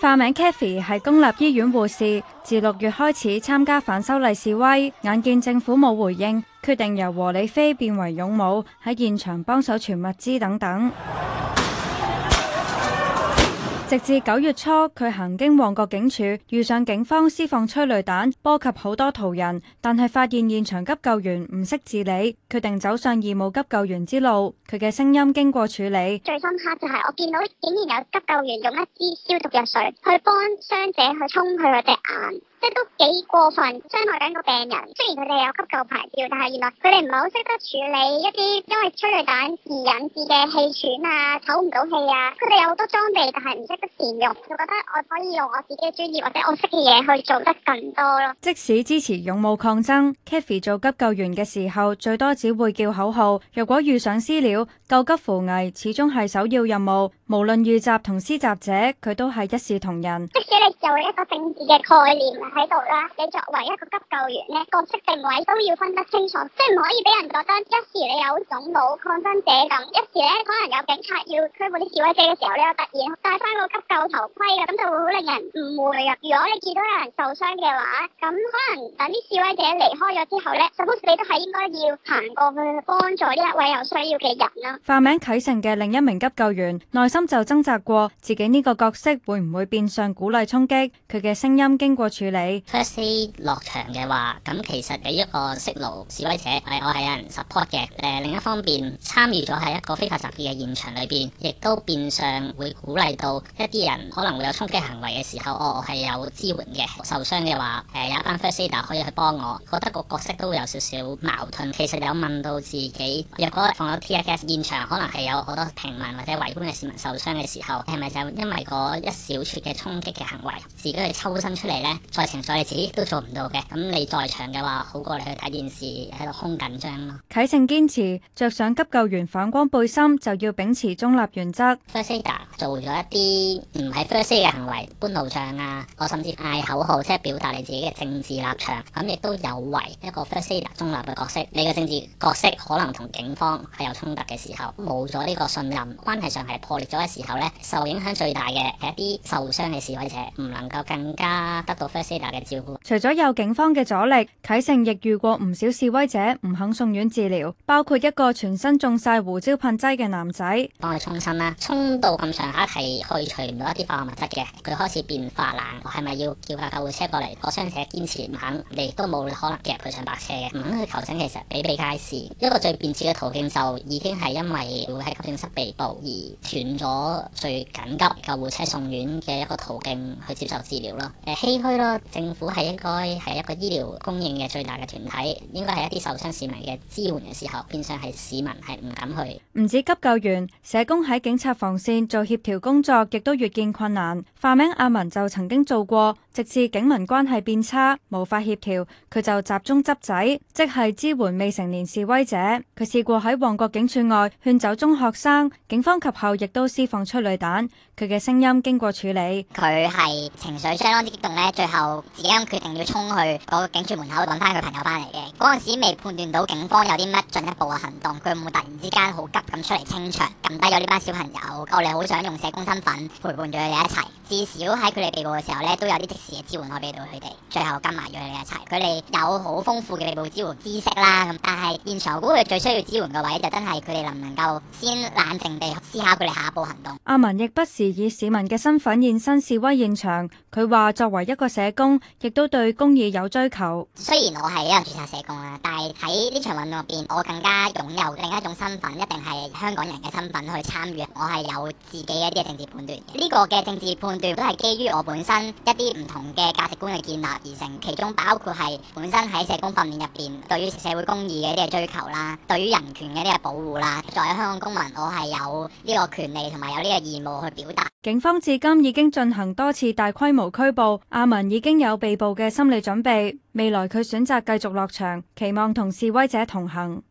化名 Kathy 係公立醫院護士，自六月開始參加反修例示威，眼見政府冇回應，決定由和理非變為勇武，喺現場幫手傳物資等等。直至九月初，佢行經旺角警署，遇上警方施放催淚彈，波及好多途人，但係發現現場急救員唔識治理，決定走上義務急救員之路。佢嘅聲音經過處理。最深刻就係我見到竟然有急救員用一支消毒藥水去幫傷者去沖佢嗰隻眼。即都幾過分，傷害緊個病人，雖然佢哋有急救牌照，但係原來佢哋唔係好識得處理一啲因為催淚彈而引致嘅氣喘啊、唞唔到氣啊。佢哋有好多裝備，但係唔識得善用。我覺得我可以用我自己嘅專業或者我識嘅嘢去做得更多咯。即使支持勇武抗爭，Kathy 做急救員嘅時候最多只會叫口號。若果遇上私了救急扶危，始終係首要任務。無論遇襲同施襲者，佢都係一視同仁。即使你就係一個政治嘅概念。喺度啦，你作為一個急救員咧，角色定位都要分得清楚，即係唔可以俾人覺得一時你有總導抗爭者咁，一時咧可能有警察要拘捕啲示威者嘅時候，你又突然戴翻個急救頭盔嘅，咁就會好令人誤會噶。如果你見到有人受傷嘅話，咁可能等啲示威者離開咗之後咧，suppose 你都係應該要行過去幫助呢一位有需要嘅人啦。化名啟成嘅另一名急救員內心就掙扎過，自己呢個角色會唔會變相鼓勵衝擊？佢嘅聲音經過處理。First aider 落場嘅話，咁其實俾一個示威者，誒我係有人 support 嘅。誒另一方面，參與咗喺一個非法集結嘅現場裏邊，亦都變相會鼓勵到一啲人可能會有衝擊行為嘅時候，哦、我係有支援嘅。受傷嘅話，誒有一班 first aider 可以去幫我。覺得個角色都會有少少矛盾。其實你有問到自己，若果放咗 tear gas 現場，可能係有好多平民或者圍觀嘅市民受傷嘅時候，係咪就因為嗰一小撮嘅衝擊嘅行為，自己去抽身出嚟呢？」再情緒你自己都做唔到嘅，咁你在場嘅話，好過你去睇電視喺度空緊張咯。啟正堅持着上急救員反光背心，就要秉持中立原則。First aider 做咗一啲唔係 first 嘅行為，搬路障啊，我甚至嗌口號，即係表達你自己嘅政治立場，咁亦都有違一個 first aider 中立嘅角色。你嘅政治角色可能同警方係有衝突嘅時候，冇咗呢個信任關係上係破裂咗嘅時候咧，受影響最大嘅係一啲受傷嘅示威者，唔能夠更加得到 first。除咗有警方嘅阻力，啟聖亦遇過唔少示威者唔肯送院治療，包括一個全身中晒胡椒噴劑嘅男仔，幫佢沖身啦，沖到咁上下係去除唔到一啲化學物質嘅，佢開始變化冷，我係咪要叫下救護車過嚟？個傷者堅持唔肯，你都冇可能夾佢上白車嘅，唔肯去求診，其實比比皆是。一個最便捷嘅途徑就已經係因為會喺急症室被捕而斷咗最緊急救護車送院嘅一個途徑去接受治療咯，誒、呃、唏噓咯～政府係應該係一個醫療供應嘅最大嘅團體，應該係一啲受傷市民嘅支援嘅時候，變相係市民係唔敢去。唔止急救員，社工喺警察防線做協調工作，亦都越見困難。化名阿文就曾經做過，直至警民關係變差，無法協調，佢就集中執仔，即係支援未成年示威者。佢試過喺旺角警署外勸走中學生，警方及後亦都施放催淚彈。佢嘅聲音經過處理，佢係情緒相當之激動呢。最後。自己咁決定要衝去個警署門口揾翻佢朋友翻嚟嘅，嗰陣時未判斷到警方有啲乜進一步嘅行動，佢會唔會突然之間好急咁出嚟清場，撳低咗呢班小朋友？我哋好想用社工身份陪伴住佢哋一齊，至少喺佢哋被捕嘅時候呢，都有啲即時嘅支援我俾到佢哋。最後跟埋住佢哋一齊，佢哋有好豐富嘅被捕支援知識啦。咁但係現場估佢最需要支援嘅位就真係佢哋能唔能夠先冷靜地思考佢哋下一步行動。阿文亦不時以市民嘅身份現身示威現場，佢話作為一個社工。亦都對公義有追求。雖然我係一個人註冊社工啦，但係喺呢場運動入邊，我更加擁有另一種身份，一定係香港人嘅身份去參與。我係有自己一啲嘅政治判斷。呢個嘅政治判斷都係基於我本身一啲唔同嘅價值觀嘅建立而成，其中包括係本身喺社工訓練入邊，對於社會公義嘅一啲追求啦，對於人權嘅一啲嘅保護啦。作為香港公民，我係有呢個權利同埋有呢個義務去表達。警方至今已經進行多次大規模拘捕，阿文已經。有被捕嘅心理準備，未來佢選擇繼續落場，期望同示威者同行。